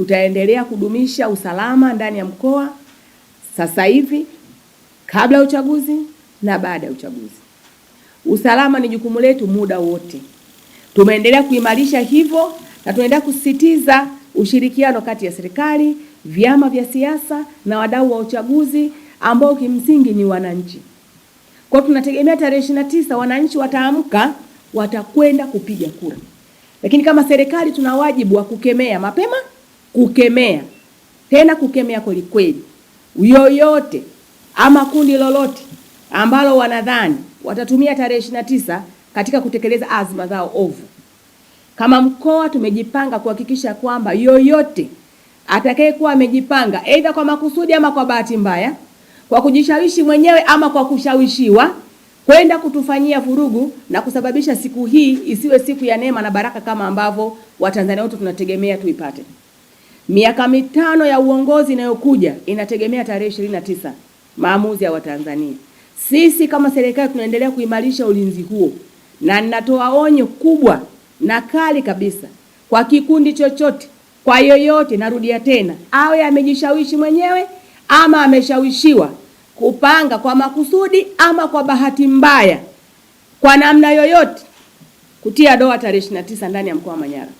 Tutaendelea kudumisha usalama ndani ya mkoa sasa hivi, kabla ya uchaguzi na baada ya uchaguzi. Usalama ni jukumu letu muda wote, tumeendelea kuimarisha hivyo na tunaendelea kusisitiza ushirikiano kati ya serikali, vyama vya siasa na wadau wa uchaguzi ambao kimsingi ni wananchi. Kwa tunategemea tarehe ishirini na tisa wananchi wataamka, watakwenda kupiga kura, lakini kama serikali tuna wajibu wa kukemea mapema kukemea tena, kukemea kweli kweli, yoyote ama kundi lolote ambalo wanadhani watatumia tarehe ishirini na tisa katika kutekeleza azma zao ovu. Kama mkoa tumejipanga kuhakikisha kwamba yoyote atakayekuwa amejipanga aidha kwa makusudi ama kwa bahati mbaya, kwa kujishawishi mwenyewe ama kwa kushawishiwa kwenda kutufanyia vurugu na kusababisha siku hii isiwe siku ya neema na baraka kama ambavyo Watanzania wote tunategemea tuipate. Miaka mitano ya uongozi inayokuja inategemea tarehe ishirini na tisa maamuzi ya Watanzania. Sisi kama serikali tunaendelea kuimarisha ulinzi huo, na ninatoa onyo kubwa na kali kabisa kwa kikundi chochote, kwa yoyote, narudia tena, awe amejishawishi mwenyewe ama ameshawishiwa kupanga kwa makusudi ama kwa bahati mbaya, kwa namna yoyote kutia doa tarehe 29 ndani ya mkoa wa Manyara.